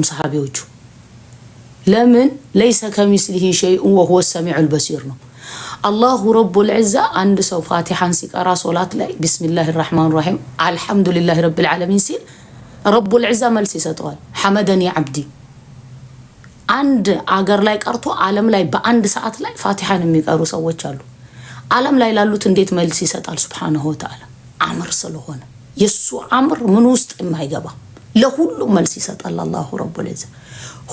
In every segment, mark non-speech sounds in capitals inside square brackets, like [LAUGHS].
አያውቁም ሰሃቢዎቹ። ለምን ለይሰ ከሚስሊሂ ሸይኡን ወሁወ ሰሚዑል በሲር ነው። አላሁ ረቡል ዒዛ አንድ ሰው ፋቲሓን ሲቀራ ሶላት ላይ ቢስሚላህ ራሕማን ራሒም አልሐምዱሊላህ ረብል ዓለሚን ሲል ረቡል ዒዛ መልስ ይሰጠዋል። ሐመደኒ ዓብዲ አንድ አገር ላይ ቀርቶ ዓለም ላይ በአንድ ሰዓት ላይ ፋቲሓን የሚቀሩ ሰዎች አሉ። ዓለም ላይ ላሉት እንዴት መልስ ይሰጣል? ሱብሓነሁ ወተዓላ አምር ስለሆነ የእሱ አምር ምን ውስጥ የማይገባ ለሁሉም መልስ ይሰጣል። አላሁ ረቡል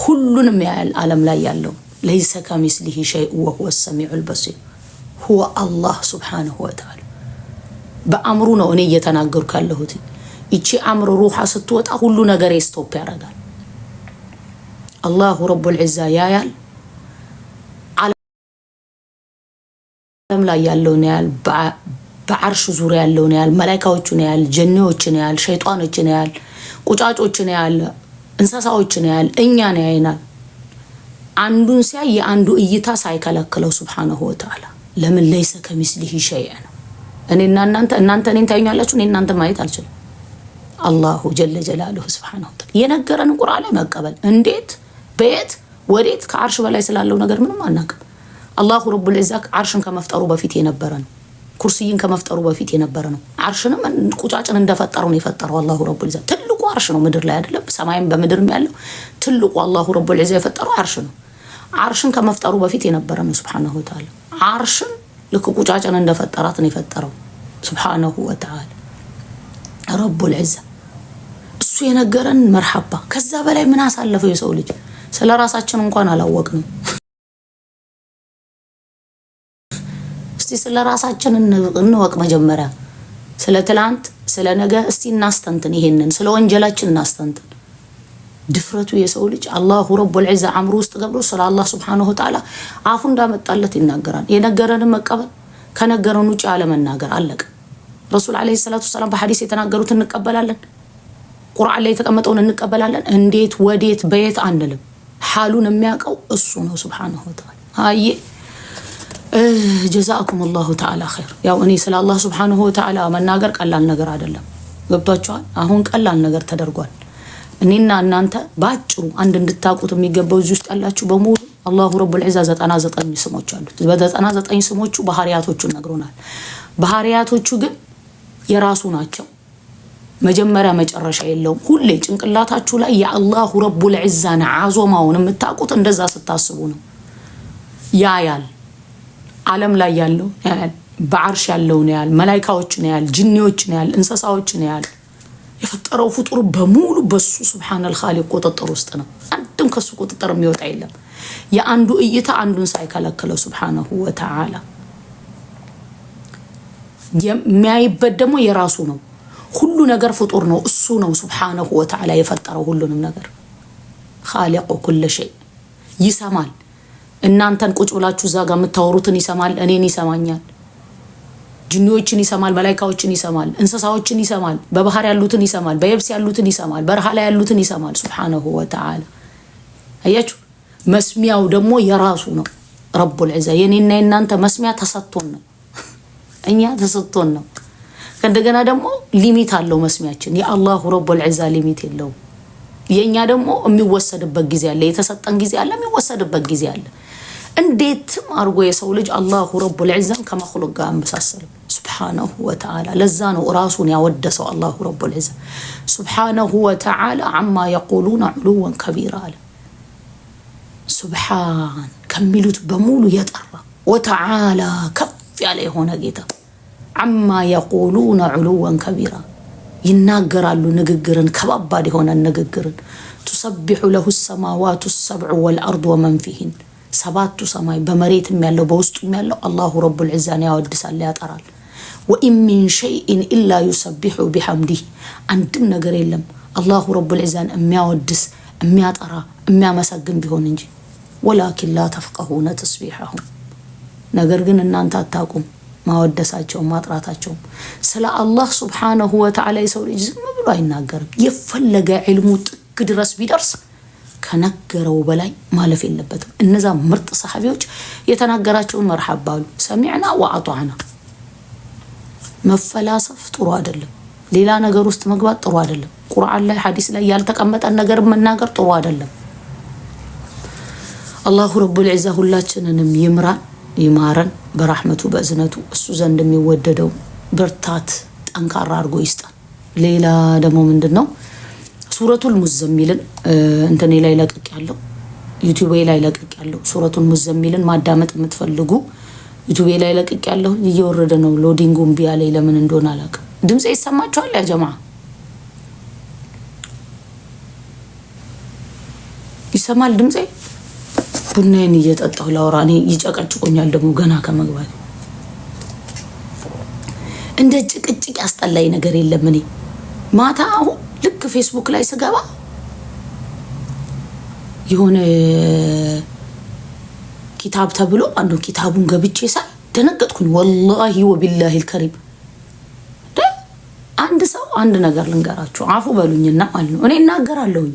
ሁሉንም ያያል። ዓለም ላይ ያለው ለይሰ ከሚስሊሂ ሸይእ ወሁወ ሰሚዑል በሲር ሁወ አላህ ሱብሓነሁ ወተዓላ በአእምሩ ነው እኔ እየተናገሩ ካለሁት። ይቺ አእምር ሩሓ ስትወጣ ሁሉ ነገር ስቶፕ ያደርጋል። አላሁ ረቡል ዒዛ ያያል። ዓለም ላይ ያለውን ያያል። በዓርሽ ዙሪያ ያለውን ያያል። መላይካዎቹን ያያል። ጀኔዎችን ያያል። ሸይጣኖችን ያያል። ቁጫጮችን ያለ እንስሳዎችን ያለ እኛን ያይናል። አንዱን ሲያይ የአንዱ እይታ ሳይከለክለው ሱብሓነሁ ወተዓላ ለምን ለይሰ ከሚስሊሂ ሸይአ ነው። እኔና እናንተ እናንተ እኔን ታዩኛላችሁ፣ እኔ እናንተ ማየት አልችልም። አላሁ ጀለ ጀላሉሁ ሱብሓነሁ ወተዓላ የነገረን ቁርአን ላይ መቀበል እንዴት፣ በየት፣ ወዴት ከአርሽ በላይ ስላለው ነገር ምንም አናውቅም። አላሁ ረቡል ዒዛ አርሽን ከመፍጠሩ በፊት የነበረ ነው። ኩርስይን ከመፍጠሩ በፊት የነበረ ነው። አርሽንም ቁጫጭን እንደፈጠረው ነው የፈጠረው አላሁ ረቡል ዒዛ። ትልቁ አርሽ ነው ምድር ላይ አይደለም፣ ሰማይም በምድርም ያለው ትልቁ አላሁ ረቡል ዒዛ የፈጠረው አርሽ ነው። አርሽን ከመፍጠሩ በፊት የነበረ ነው። ስብሓነሁ ወተዓላ አርሽን ልክ ቁጫጭን እንደፈጠራት ነው የፈጠረው ስብሓነሁ ወተዓላ ረቡል ዒዛ። እሱ የነገረን መርሐባ። ከዛ በላይ ምን አሳለፈው የሰው ልጅ? ስለ ራሳችን እንኳን አላወቅንም። እስቲ ስለ ራሳችን እንወቅ መጀመሪያ። ስለ ትላንት፣ ስለ ነገ እስቲ እናስተንትን። ይሄንን ስለ ወንጀላችን እናስተንትን። ድፍረቱ የሰው ልጅ አላሁ ረቡል ዒዛ አእምሮ ውስጥ ገብሮ ስለ አላህ ስብሓነሁ ወተዓላ አፉ እንዳመጣለት ይናገራል። የነገረንን መቀበል፣ ከነገረን ውጭ አለመናገር። አለቀ። ረሱል ዓለይሂ ሰላቱ ወሰላም በሐዲስ የተናገሩት እንቀበላለን፣ ቁርአን ላይ የተቀመጠውን እንቀበላለን። እንዴት፣ ወዴት፣ በየት አንልም። ሓሉን የሚያውቀው እሱ ነው ስብሓነሁ ወተዓላ። አየ ጀዛአኩም አላሁ ተዓላ ኸይር። ያው እኔ ስለ አላህ ስብሓንሁ ወተዓላ መናገር ቀላል ነገር አይደለም። ገብቷቸዋል። አሁን ቀላል ነገር ተደርጓል። እኔና እናንተ በአጭሩ አንድ እንድታውቁት የሚገባው እዚህ ውስጥ ያላችሁ በሙሉ አላሁ ረቡል ዒዛ ዘጠና ዘጠኝ ስሞች አሉት። በዘጠና ዘጠኝ ስሞቹ ባህሪያቶቹን ነግሮናል። ባህሪያቶቹ ግን የራሱ ናቸው። መጀመሪያ መጨረሻ የለውም። ሁሌ ጭንቅላታችሁ ላይ የአላሁ ረቡል ዒዛን አዞማውን የምታውቁት እንደዛ ስታስቡ ነው። ያያል ዓለም ላይ ያለው ያህል በአርሽ ያለውን ያህል መላይካዎችን ያህል ጅኒዎችን ያህል እንስሳዎችን ያህል የፈጠረው ፍጡር በሙሉ በሱ ስብሓነል ኻሊቅ ቁጥጥር ውስጥ ነው። አንድም ከሱ ቁጥጥር የሚወጣ የለም። የአንዱ እይታ አንዱን ሳይከለክለው ሱብሃነሁ ወተዓላ የሚያይበት ደግሞ የራሱ ነው። ሁሉ ነገር ፍጡር ነው። እሱ ነው ስብሓነሁ ወተዓላ የፈጠረው ሁሉንም ነገር። ኻሊቁ ኩለ ሸይ ይሰማል እናንተን ቁጭ ብላችሁ እዛ ጋር የምታወሩትን ይሰማል፣ እኔን ይሰማኛል፣ ጅኒዎችን ይሰማል፣ መላይካዎችን ይሰማል፣ እንስሳዎችን ይሰማል፣ በባህር ያሉትን ይሰማል፣ በየብስ ያሉትን ይሰማል፣ በረሃ ላይ ያሉትን ይሰማል። ሱብሓነሁ ወተዓላ አያችሁ። መስሚያው ደግሞ የራሱ ነው። ረቡል ዒዛ የኔና የናንተ መስሚያ ተሰጥቶን ነው፣ [LAUGHS] እኛ ተሰጥቶን ነው። ከእንደገና ደግሞ ሊሚት አለው መስሚያችን። የአላሁ ረቡል ሊሚት የለውም። የእኛ ደግሞ የሚወሰድበት ጊዜ አለ፣ የተሰጠን ጊዜ አለ፣ የሚወሰድበት ጊዜ አለ። እንዴትም አድርጎ የሰው ልጅ አላሁ ረቡል ዒዛን ከመክሉቅ ጋር አመሳሰለው ሱብሓነሁ ወተዓላ። ለዛ ነው ራሱን ያወደሰው አላሁ ረቡል ዒዛ ሱብሓነሁ ወተዓላ አማ የቁሉነ ዑሉወን ከቢራ አለ። ሱብሓን ከሚሉት በሙሉ የጠራ ወተዓላ ከፍ ያለ የሆነ ጌታ አማ የቁሉነ ዑሉወን ከቢራ ይናገራሉ ንግግርን ከባባድ የሆነ ንግግርን ቱሰቢሑ ለሁ ሰማዋቱ ሰብዑ ወልአርድ ወመን ፊሂን ሰባቱ ሰማይ በመሬትም ያለው በውስጡም ያለው አላሁ ረቡል ዒዛን ያወድሳል፣ ያጠራል። ወኢን ሚን ሸይኢን ኢላ ዩሰቢሑ ቢሐምዲህ አንድም ነገር የለም አላሁ ረቡል ዒዛን የሚያወድስ የሚያጠራ የሚያመሰግን ቢሆን እንጂ ወላኪን ላ ተፍቀሁነ ተስቢሐሁም ነገር ግን እናንተ አታቁም ማወደሳቸውም ማጥራታቸውም። ስለ አላህ ሱብሓነሁ ወተዓላ የሰው ልጅ ዝም ብሎ አይናገርም። የፈለገ ዒልሙ ጥግ ድረስ ቢደርስ ከነገረው በላይ ማለፍ የለበትም። እነዛ ምርጥ ሰሐቢዎች የተናገራቸውን መርሐባ አሉ። ሰሚዕና ወአጧዕና። መፈላሰፍ ጥሩ አይደለም። ሌላ ነገር ውስጥ መግባት ጥሩ አይደለም። ቁርአን ላይ ሐዲስ ላይ ያልተቀመጠን ነገር መናገር ጥሩ አይደለም። አላሁ ረቡል ዒዛ ሁላችንንም ይምራን ይማረን በራህመቱ በእዝነቱ እሱ ዘንድ የሚወደደው ብርታት ጠንካራ አድርጎ ይስጣን። ሌላ ደግሞ ምንድን ነው ሱረቱል ሙዝ የሚልን እንትኔ ላይ ለቅቅ ያለው ዩቲዩቤ ላይ ለቅቅ ያለው ሱረቱል ሙዝ የሚልን ማዳመጥ የምትፈልጉ ዩቲዩቤ ላይ ለቅቅ ያለው እየወረደ ነው። ሎዲንግ ቢያ ላይ ለምን እንደሆነ አላውቅም። ድምፅ ይሰማችኋል ያ ጀማ ይሰማል ድምፄ። ቡናዬን እየጠጣሁ ላውራ። እኔ ይጨቀጭቆኛል ደግሞ ገና ከመግባት እንደ ጭቅጭቅ ያስጠላኝ ነገር የለም። እኔ ማታ አሁን ልክ ፌስቡክ ላይ ስገባ የሆነ ኪታብ ተብሎ አንዱ ኪታቡን ገብቼ ሳይ ደነገጥኩኝ። ወላሂ ወቢላሂ ልከሪም አንድ ሰው አንድ ነገር ልንገራችሁ፣ አፉ በሉኝና ማለት ነው። እኔ እናገራለሁኝ።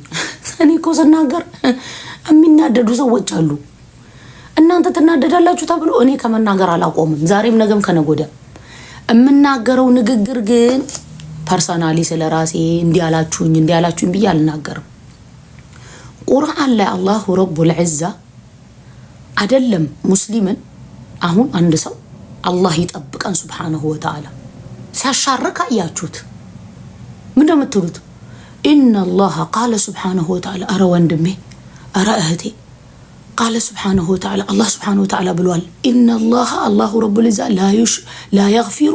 እኔ እኮ ስናገር የሚናደዱ ሰዎች አሉ። እናንተ ትናደዳላችሁ ተብሎ እኔ ከመናገር አላቆምም። ዛሬም ነገም ከነጎዳ የምናገረው ንግግር ግን ፐርሰናሊ ስለ ራሴ እንዲያላችሁኝ እንዲያላችሁኝ ብዬ አልናገርም። ቁርአን ላይ አላሁ ረቡል ዒዛ አይደለም ሙስሊምን አሁን አንድ ሰው አላህ ይጠብቀን ሱብሓነሁ ወተዓላ ሲያሻርክ አያችሁት። ምን እንደምትሉት ኢነላሃ ቃለ ሱብሓነሁ ወተዓላ፣ አረ ወንድሜ፣ አረ እህቴ ቃለ ስብሓነሁ ወተዓላ አላህ ስብሓነሁ ወተዓላ ብሏል። ኢነላሃ አላሁ ረቡል ዒዛ ላ የግፊሩ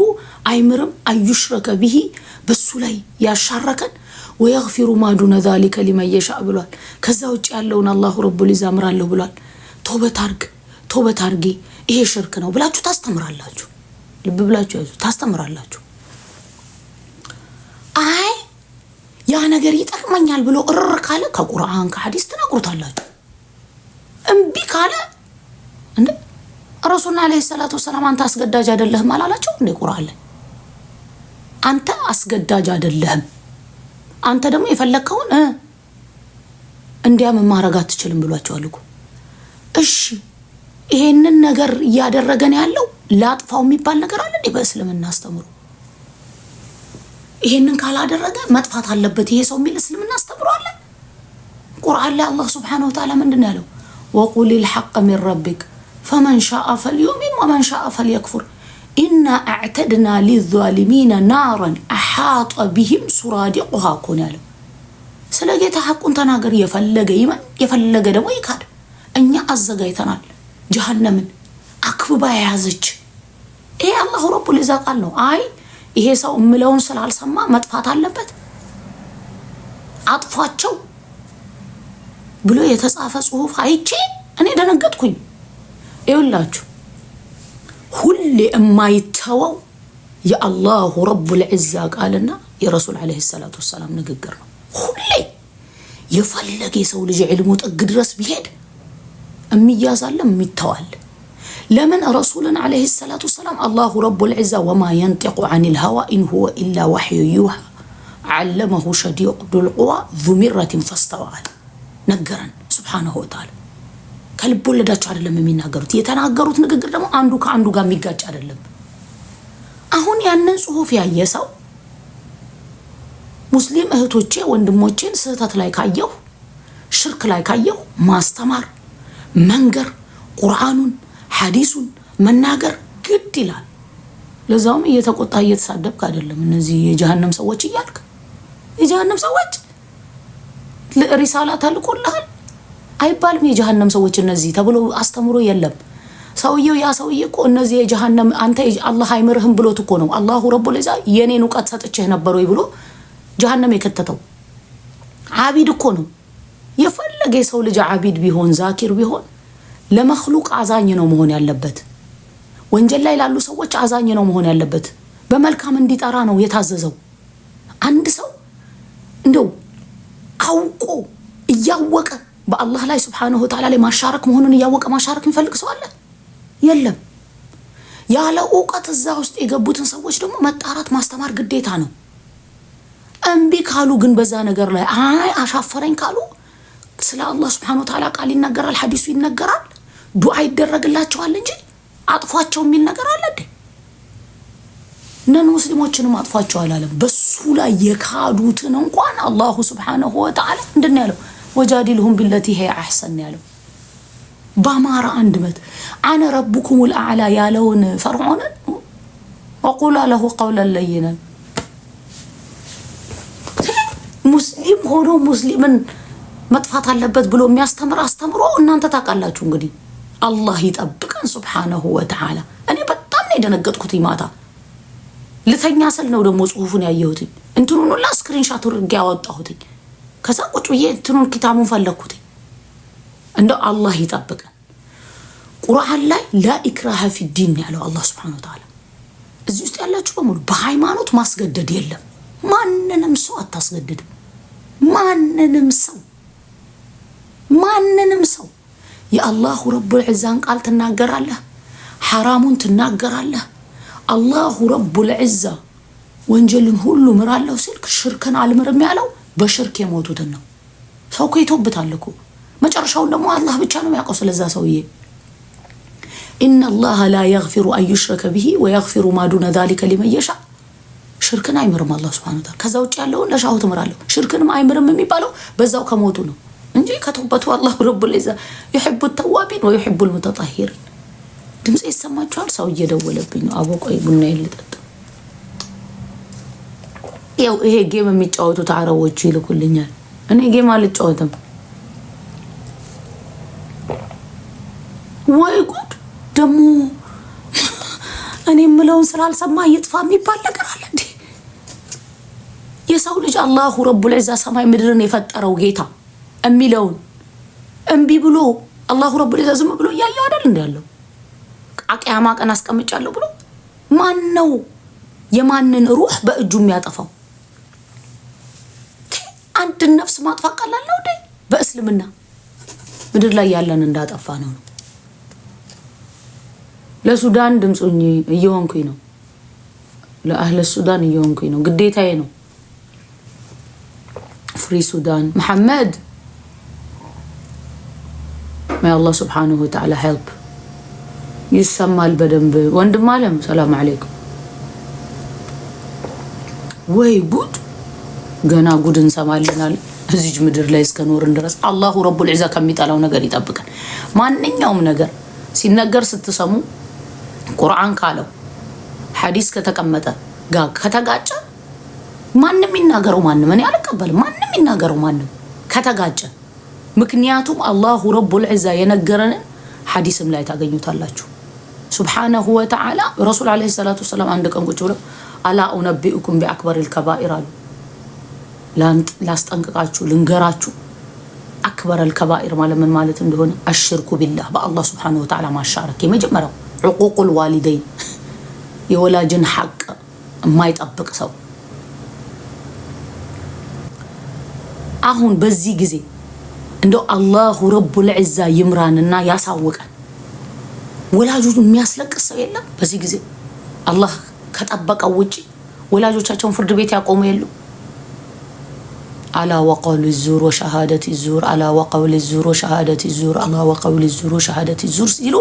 አይምርም አዩሽረከ ብሂ በሱ ላይ ያሻረከን ወየግፊሩ ማዱነ ዛሊከ ሊመየሻ ብሏል። ከዛ ውጭ ያለውን አላሁ ረቡል ዒዛ ብሏል። ቶበት አርግ ቶበት አርጊ ይሄ ሽርክ ነው ብላችሁ ታስተምራላችሁ። ልብ ብላችሁ ያዙ፣ ታስተምራላችሁ። አይ ያ ነገር ይጠቅመኛል ብሎ እርር ካለ ከቁርአን ከሐዲስ ትነግሩታላችሁ። እምቢ ካለ እንደ ረሱልና አለይሂ ሰላቱ ወሰላም አንተ አስገዳጅ አይደለህም አላላቸው እንደ ቁርአን ላይ አንተ አስገዳጅ አይደለህም። አንተ ደግሞ የፈለግከውን እንዲያምን ማድረግ አትችልም ብሏቸዋል እኮ። እሺ ይሄንን ነገር እያደረገን ያለው ላጥፋው የሚባል ነገር አለ እንዴ? በእስልምና አስተምሮ ይሄንን ካላደረገ መጥፋት አለበት ይሄ ሰው የሚል እስልምና አስተምሮ አለ? ቁርአን ላይ አላህ ስብሓነሁ ወተዓላ ምንድን ያለው? ወቁል ልሐቅ ሚን ረቢክ ፈመን ሻአ ፈልዩሚን ወመን ሻአ ፈልየክፉር ኢና አዕተድና ሊዛሊሚነ ናረን አሓጠ ቢህም ሱራዲቁሃ እኮ ነው ያለው። ስለ ጌታ ሐቁን ተናገር፣ የፈለገ ይመን፣ የፈለገ ደግሞ ይካድ። እኛ አዘጋጅተናል ጀሃነምን አክብባ የያዘች። ይሄ አላሁ ረቡል ዒዛ ቃል ነው። አይ ይሄ ሰው እምለውን ስላልሰማ መጥፋት አለበት አጥፏቸው ብሎ የተጻፈ ጽሁፍ አይቼ እኔ ደነገጥኩኝ። ይውላችሁ ሁሌ የማይተወው የአላሁ ረቡል ዒዛ ቃልና የረሱል ዓለይሂ ሰላቱ ወሰላም ንግግር ነው። ሁሌ የፈለገ የሰው ልጅ ዕልሙ ጥግ ድረስ ቢሄድ የሚያዛለም የሚተዋል። ለምን ረሱልን ዓለይሂ ሰላቱ ወሰላም አላሁ ረቡል ዒዛ ወማ የንጢቁ ዐኒል ሀዋ ኢን ሁወ ኢላ ዋሕዩ ዩሃ ዓለመሁ ሸዲቁ ዱል ቁዋ ዙ ነገረን ሱብሓነሁ ወተዓላ ከልብ ወለዳቸው አይደለም የሚናገሩት። የተናገሩት ንግግር ደግሞ አንዱ ከአንዱ ጋር የሚጋጭ አይደለም። አሁን ያንን ጽሁፍ ያየ ሰው ሙስሊም እህቶቼ ወንድሞቼን ስህተት ላይ ካየሁ ሽርክ ላይ ካየሁ ማስተማር፣ መንገር፣ ቁርአኑን ሐዲሱን መናገር ግድ ይላል። ለዛውም እየተቆጣ እየተሳደብክ አይደለም። እነዚህ የጀሃነም ሰዎች እያልክ የጀሃነም ሰዎች ሪሳላ ተልቆልሃል አይባልም። የጀሃነም ሰዎች እነዚህ ተብሎ አስተምሮ የለም። ሰውየው ያ ሰውዬ እኮ እነዚህ የጀሃነም አንተ አላህ አይምርህም ብሎት እኮ ነው አላሁ ረቡል ለዛ የኔን እውቀት ሰጥቼህ ነበር ወይ ብሎ ጀሃነም የከተተው አቢድ እኮ ነው። የፈለገ የሰው ልጅ አቢድ ቢሆን ዛኪር ቢሆን ለመክሉቅ አዛኝ ነው መሆን ያለበት። ወንጀል ላይ ላሉ ሰዎች አዛኝ ነው መሆን ያለበት። በመልካም እንዲጠራ ነው የታዘዘው። አንድ ሰው እንደው አውቆ እያወቀ በአላህ ላይ ስብሓንሁ ወተዓላ ላይ ማሻረክ መሆኑን እያወቀ ማሻረክ የሚፈልግ ሰው አለ? የለም። ያለ እውቀት እዛ ውስጥ የገቡትን ሰዎች ደግሞ መጣራት ማስተማር ግዴታ ነው። እምቢ ካሉ ግን በዛ ነገር ላይ አይ አሻፈረኝ ካሉ ስለ አላህ ስብሓንሁ ወተዓላ ቃል ይነገራል ሀዲሱ ይነገራል፣ ዱዓ ይደረግላቸዋል እንጂ አጥፏቸው የሚል ነገር አለ እንዴ? ነን ሙስሊሞችንም አጥፏቸው አላለም። በሱ ላይ የካዱትን እንኳን አላሁ ስብሓንሁ ወተዓላ ምንድን ነው ያለው? ወጃዲልሁም ቢለቲ ሄ አሕሰን ያለው በአማራ አንደበት አነ ረቡኩም ልአዕላ ያለውን ፈርዖንን ወቁላ ለሁ ቀውለን ለይነን ሙስሊም ሆኖ ሙስሊምን መጥፋት አለበት ብሎ የሚያስተምር አስተምሮ እናንተ ታውቃላችሁ። እንግዲህ አላህ ይጠብቀን ሱብሓነሁ ወተዓላ። እኔ በጣም ነው የደነገጥኩት። ማታ ልተኛ ስል ነው ደግሞ ጽሁፉን ያየሁትኝ። እንትኑን ሁላ ስክሪንሻት አድርጌ ያወጣሁትኝ። ከዛ ቁጭ ብዬ እንትኑን ኪታቡን ፈለግኩት። እንደ አላህ ይጠብቀን። ቁርአን ላይ ላኢክራሀ ፊዲን ያለው አላህ ስብሐነሁ ወተዓላ። እዚህ ውስጥ ያላችሁ በሙሉ በሃይማኖት ማስገደድ የለም። ማንንም ሰው አታስገድድም። ማንንም ሰው ማንንም ሰው የአላሁ ረቡል ዒዛን ቃል ትናገራለህ፣ ሐራሙን ትናገራለህ። አላሁ ረቡል ዒዛ ወንጀልን ሁሉ ምራለሁ ሲል ሽርክን አልምርም ያለው በሽርክ የሞቱትን ነው። ሰው እኮ ይቶብታል እኮ መጨረሻውን ደግሞ አላህ ብቻ ነው የሚያውቀው ስለዛ ሰውዬ። ኢነ አላህ ላ የግፊሩ አን ዩሽረከ ወየግፊሩ ማዱነ ዛሊከ ሊመን ሽርክን አይምርም አላህ ሱብሃነሁ ወተዓላ። ከዛ ውጭ ያለውን ለሻሁ ትምራለሁ። ሽርክንም አይምርም የሚባለው በዛው ከሞቱ ነው እንጂ ከተውበቱ አላህ ረቡል ዒዛ ዩሒቡ ተዋቢን ወዩሒቡ ልሙተጣሂሪን። ድምፅ ይሰማችኋል? ሰው እየደወለብኝ ነው። አቦ ቡና ልጠጣ ያው ይሄ ጌም የሚጫወቱት አረቦቹ ይልኩልኛል። እኔ ጌም አልጫወትም። ወይ ጉድ! ደግሞ [LAUGHS] እኔ የምለውን ስላልሰማ እየጥፋ የሚባል ነገር አለ እንዴ? የሰው ልጅ አላሁ ረቡል ዒዛ ሰማይ ምድርን የፈጠረው ጌታ የሚለውን እምቢ ብሎ አላሁ ረቡል ዒዛ ዝም ብሎ እያየው አይደል እንዲ ያለው አቅያማ ቀን አስቀምጫለሁ ብሎ ማን ነው የማንን ሩህ በእጁ የሚያጠፋው? አንድን ነፍስ ማጥፋት ቀላል ነው እንዴ? በእስልምና ምድር ላይ ያለን እንዳጠፋ ነው ነው። ለሱዳን ድምፁኝ እየሆንኩኝ ነው። ለአህለ ሱዳን እየሆንኩኝ ነው። ግዴታዬ ነው። ፍሪ ሱዳን መሐመድ ማይ አላህ ስብሓንሁ ወተዓላ ሄልፕ ይሰማል በደንብ ወንድም አለም። ሰላም አለይኩም ወይ ጉድ ገና ጉድ እንሰማልናል። እዚች ምድር ላይ እስከኖርን ድረስ አላሁ ረቡል ዒዛ ከሚጠላው ነገር ይጠብቀን። ማንኛውም ነገር ሲነገር ስትሰሙ ቁርአን ካለው ሐዲስ ከተቀመጠ ጋር ከተጋጨ ማንም ይናገረው ማንም፣ እኔ አልቀበልም። ማንም ይናገረው ማንም ከተጋጨ ምክንያቱም አላሁ ረቡል ዒዛ የነገረንን ሐዲስም ላይ ታገኙታላችሁ። ሱብሓነሁ ወተዓላ ረሱል ዓለይሂ ሰላቱ ወሰላም አንድ ቀን ቁጭ ብለው አላ ኡነቢኡኩም ቢአክበር ልከባኢር አሉ ላስጠንቅቃችሁ ልንገራችሁ። አክበረል ከባኢር ማለት ምን ማለት እንደሆነ አሽርኩ ቢላህ በአላህ ስብሓነሁ ወተዓላ ማሻረክ የመጀመሪያው ዕቁቁል ዋሊደይን የወላጅን ሐቅ የማይጠብቅ ሰው አሁን በዚህ ጊዜ እንደው አላሁ ረቡል ዒዛ ይምራንና ያሳውቀን። ወላጆች የሚያስለቅስ ሰው የለም። በዚህ ጊዜ አላህ ከጠበቀው ውጪ ወላጆቻቸውን ፍርድ ቤት ያቆሙ የሉ አላ ወቀውል ዙር ወሸሃደት ዙር አላ ወቀውል ዙር ወሸሃደት ዙር አላ ወቀውል ዙር ወሸሃደት ዙር ሲሉ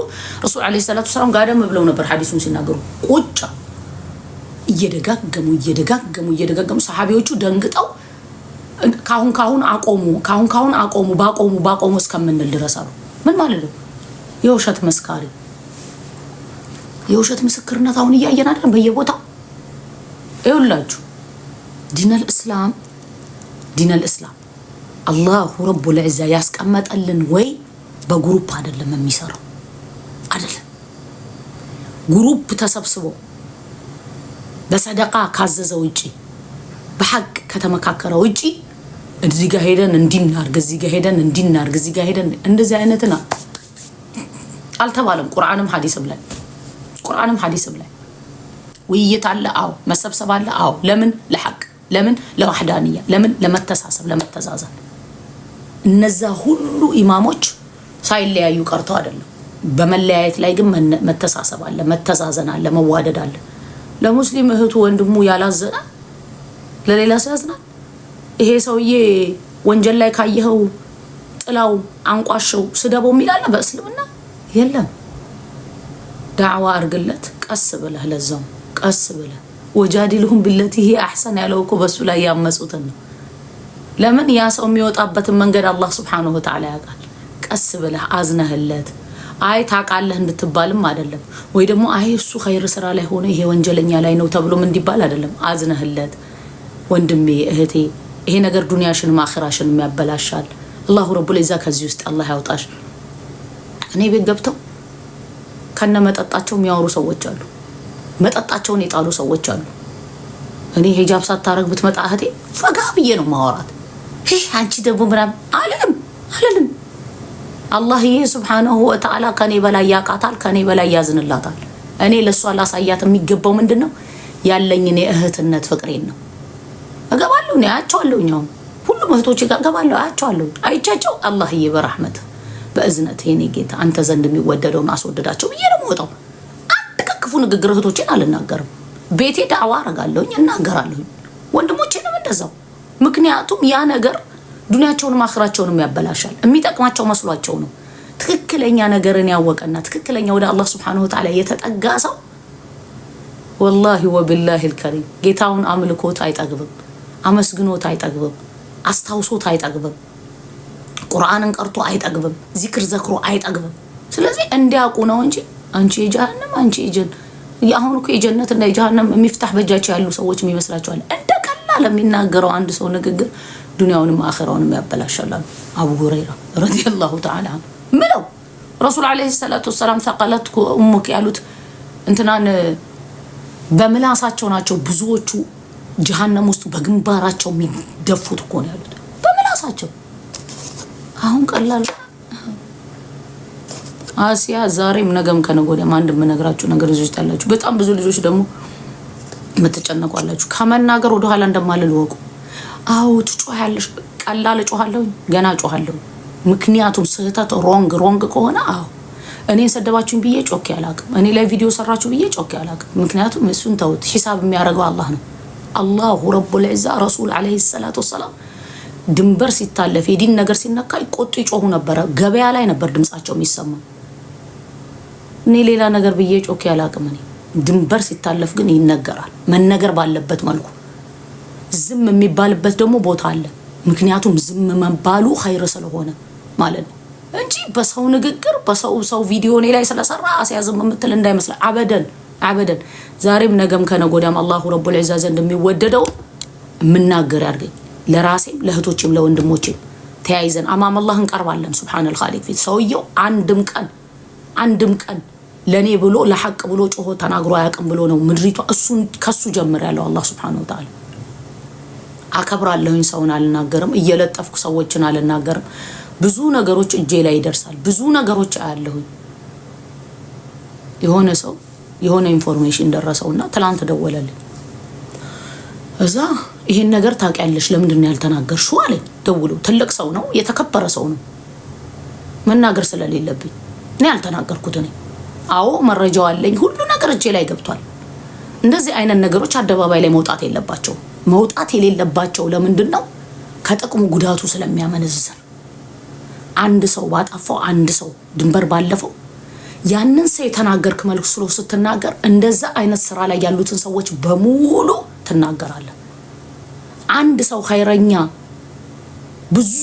ረሱል ዓለይሂ ሰላቱ ሰላም ጋደም ብለው ነበር። ሐዲሱን ሲናገሩ ቁጭ እየደጋገሙ እየደጋገሙ እየደጋገሙ ሰሐቢዎቹ ደንግጠው ካሁን ካሁን አቆሙ፣ ካሁን ካሁን አቆሙ፣ ባቆሙ ባቆሙ እስከምንል ድረስ አሉ። ምን ማለት ነው? የውሸት መስካሪ የውሸት ምስክርነት አሁን እያየን አይደለም? በየቦታው ይኸውላችሁ ዲነል እስላም ዲነል እስላም አላሁ ረቡል ዒዛ ያስቀመጠልን ወይ በግሩፕ አይደለም የሚሰራው አይደለም። ጉሩፕ ተሰብስቦ በሰደቃ ካዘዘ ውጪ በሐቅ ከተመካከረ ውጪ እዚህ ጋር ሄደን እንዲናርግ፣ እዚህ ጋር ሄደን እንዲናርግ፣ እዚህ ጋር ሄደን እንደዚህ አይነትና አልተባለም። ቁርአንም ሐዲስም ላይ ቁርአንም ሐዲስም ላይ ውይይት አለ። አዎ መሰብሰብ አለ። አዎ ለምን ለሐቅ ለምን ለዋህዳንያ ለምን ለመተሳሰብ ለመተዛዘን እነዛ ሁሉ ኢማሞች ሳይለያዩ ቀርቶ አይደለም በመለያየት ላይ ግን መተሳሰብ አለ መተዛዘን አለ መዋደድ አለ ለሙስሊም እህቱ ወንድሙ ያላዘነ ለሌላ ሰው ያዝናል ይሄ ሰውዬ ወንጀል ላይ ካየኸው ጥላው አንቋሸው ስደበው የሚላለ በእስልምና የለም ዳዕዋ አርግለት ቀስ ብለህ ለዛው ቀስ ብለህ ወጃዲልሁም ብለት ይሄ አሕሰን ያለው እኮ በሱ ላይ ያመፁትን ነው። ለምን ያ ሰው የሚወጣበትን መንገድ አላህ ስብሓነሁ ወተዓላ ያውቃል። ቀስ ብለህ አዝነህለት አይ ታውቃለህ እንድትባልም አይደለም፣ ወይ ደግሞ አይ እሱ ኸይር ስራ ላይ ሆነ ይሄ ወንጀለኛ ላይ ነው ተብሎም እንዲባል አይደለም። አዝነህለት ወንድሜ እህቴ፣ ይሄ ነገር ዱንያሽንም አኽራሽንም ያበላሻል። አላሁ ረቡል ዒዛ ከዚህ ውስጥ አላህ ያውጣሽ። እኔ ቤት ገብተው ከነ መጠጣቸው የሚያወሩ ሰዎች አሉ። መጠጣቸውን የጣሉ ሰዎች አሉ። እኔ ሂጃብ ሳታረግ ብትመጣ እህቴ ፈጋ ብዬ ነው ማወራት። አንቺ ደግሞ ምናምን አልልም አልልም። አላህዬ ስብሓነሁ ወተዓላ ከኔ በላይ ያውቃታል፣ ከኔ በላይ ያዝንላታል። እኔ ለእሷ ላሳያት የሚገባው ምንድን ነው? ያለኝን የእህትነት ፍቅሬን ነው። እገባለሁ፣ እኔ አያቸዋለሁ። እኛውም ሁሉም እህቶች ጋር እገባለሁ፣ አያቸዋለሁ። አይቻቸው አላህዬ በራህመት በእዝነት የኔ ጌታ አንተ ዘንድ የሚወደደውን አስወደዳቸው ብዬ ነው የምወጣው። ክፉ ንግግር እህቶችን አልናገርም። ቤቴ ዳዋ አረጋለሁኝ እናገራለሁኝ፣ ወንድሞችንም እንደዛው። ምክንያቱም ያ ነገር ዱኒያቸውንም አኽራቸውንም ያበላሻል። የሚጠቅማቸው መስሏቸው ነው። ትክክለኛ ነገርን ያወቀና ትክክለኛ ወደ አላህ ስብሓነሁ ወተዓላ የተጠጋ ሰው ወላሂ ወቢላሂ ልከሪም ጌታውን አምልኮት አይጠግብም፣ አመስግኖት አይጠግብም፣ አስታውሶት አይጠግብም፣ ቁርአንን ቀርቶ አይጠግብም፣ ዚክር ዘክሮ አይጠግብም። ስለዚህ እንዲያውቁ ነው እንጂ አንቺ የጀሃነም አንቺ የጀን አሁን እኮ የጀነት እና የጀሃነም የሚፍታህ በእጃቸው ያሉ ሰዎች የሚመስላቸዋል። እንደ ቀላል የሚናገረው አንድ ሰው ንግግር ዱንያውንም አኸራውንም ያበላሻል። አቡ ሁረይራ ረዲየላሁ ተዓላ ምለው ረሱል ዓለይሂ ሰላቱ ወሰላም ሰቀለት እሙክ ያሉት እንትናን በምላሳቸው ናቸው። ብዙዎቹ ጀሃነም ውስጥ በግንባራቸው የሚደፉት እኮ ነው ያሉት በምላሳቸው። አሁን ቀላል አሲያ ዛሬም ነገም ከነገ ወዲያም አንድ የምነግራችሁ ነገር ልጆች ታላችሁ። በጣም ብዙ ልጆች ደግሞ የምትጨነቋላችሁ ከመናገር ወደኋላ እንደማልል ወቁ። አዎ ትጮያለሽ። ቀላል እጮኋለሁ፣ ገና ጮሃለሁ ምክንያቱም ስህተት ሮንግ ሮንግ ከሆነ አዎ እኔን ሰደባችሁን ብዬ ጮኬ አላቅም። እኔ ላይ ቪዲዮ ሰራችሁ ብዬ ጮኬ አላቅም። ምክንያቱም እሱን ተውት፣ ሂሳብ የሚያደርገው አላህ ነው። አላሁ ረቡል ዒዛ ረሱል ዓለይሂ ሰላቱ ወሰላም ድንበር ሲታለፍ የዲን ነገር ሲነካ ቆጡ ይጮሁ ነበረ። ገበያ ላይ ነበር ድምጻቸው የሚሰማ። እኔ ሌላ ነገር ብዬ ጮኬ አላቅም። እኔ ድንበር ሲታለፍ ግን ይነገራል። መነገር ባለበት መልኩ ዝም የሚባልበት ደግሞ ቦታ አለ። ምክንያቱም ዝም መባሉ ኸይር ስለሆነ ማለት ነው እንጂ በሰው ንግግር በሰው ሰው ቪዲዮ እኔ ላይ ስለሰራ አስያዝም የምትል እንዳይመስል አበደን አበደን። ዛሬም ነገም ከነጎዳም አላሁ ረቡል ዒዛ ዘንድ የሚወደደው የምናገር ያድርገኝ ለራሴም ለእህቶችም ለወንድሞችም ተያይዘን አማም አላህ እንቀርባለን። ሱብሓነል ኻሊቅ ፊት ሰውየው አንድም ቀን አንድም ቀን ለእኔ ብሎ ለሐቅ ብሎ ጮሆ ተናግሮ አያውቅም ብሎ ነው ምድሪቷ። እሱን ከሱ ጀምር ያለው አላህ ስብሐነሁ ወተዓላ። አከብራለሁኝ፣ ሰውን አልናገርም፣ እየለጠፍኩ ሰዎችን አልናገርም። ብዙ ነገሮች እጄ ላይ ይደርሳል፣ ብዙ ነገሮች አያለሁኝ። የሆነ ሰው የሆነ ኢንፎርሜሽን ደረሰውና ትላንት ደወለልኝ። እዛ ይሄን ነገር ታውቂያለሽ ለምንድን ነው ያልተናገርሽው አለኝ። ደውሎ ትልቅ ሰው ነው፣ የተከበረ ሰው ነው። መናገር ስለሌለብኝ እኔ ያልተናገርኩት ነኝ። አዎ መረጃው አለኝ። ሁሉ ነገር እጄ ላይ ገብቷል። እንደዚህ አይነት ነገሮች አደባባይ ላይ መውጣት የለባቸው። መውጣት የሌለባቸው ለምንድን ነው? ከጥቅሙ ጉዳቱ ስለሚያመነዝር አንድ ሰው ባጠፋው፣ አንድ ሰው ድንበር ባለፈው ያንን ሰው የተናገርክ መልስሎ ስትናገር እንደዛ አይነት ስራ ላይ ያሉትን ሰዎች በሙሉ ትናገራለን። አንድ ሰው ኸይረኛ ብዙ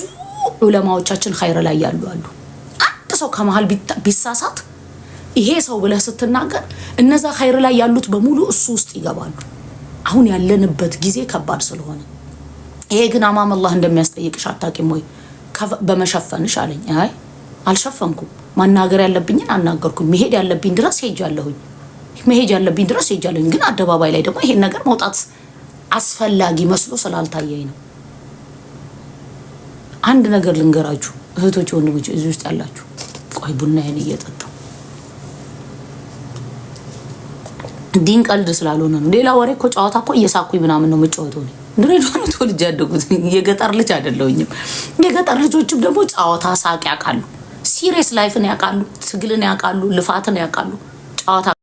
ዑለማዎቻችን ኸይር ላይ ያሉ አሉ። አንድ ሰው ከመሀል ቢሳሳት ይሄ ሰው ብለህ ስትናገር እነዛ ኸይር ላይ ያሉት በሙሉ እሱ ውስጥ ይገባሉ። አሁን ያለንበት ጊዜ ከባድ ስለሆነ ይሄ ግን አማም አላህ እንደሚያስጠይቅሽ አታቂም ወይ በመሸፈንሽ አለኝ። አይ አልሸፈንኩም። ማናገር ያለብኝን አናገርኩኝ። መሄድ ያለብኝ ድረስ ሄጃለሁኝ። መሄድ ያለብኝ ድረስ ሄጃለሁኝ። ግን አደባባይ ላይ ደግሞ ይሄን ነገር መውጣት አስፈላጊ መስሎ ስላልታየኝ ነው። አንድ ነገር ልንገራችሁ እህቶች፣ ወንድሞች እዚህ ውስጥ ያላችሁ ቆይ ቡናዬን እየጠጣሁ ዲን ቀልድ ስላልሆነ ነው። ሌላ ወሬ እኮ ጨዋታ እኮ እየሳኩኝ ምናምን ነው የምጫወተው። ድሬዳዋ ነው ተወልጄ ያደጉት። የገጠር ልጅ አይደለሁኝም። የገጠር ልጆችም ደግሞ ጨዋታ ሳቅ ያውቃሉ። ሲሪየስ ላይፍን ያውቃሉ። ትግልን ያውቃሉ። ልፋትን ያውቃሉ። ጨዋታ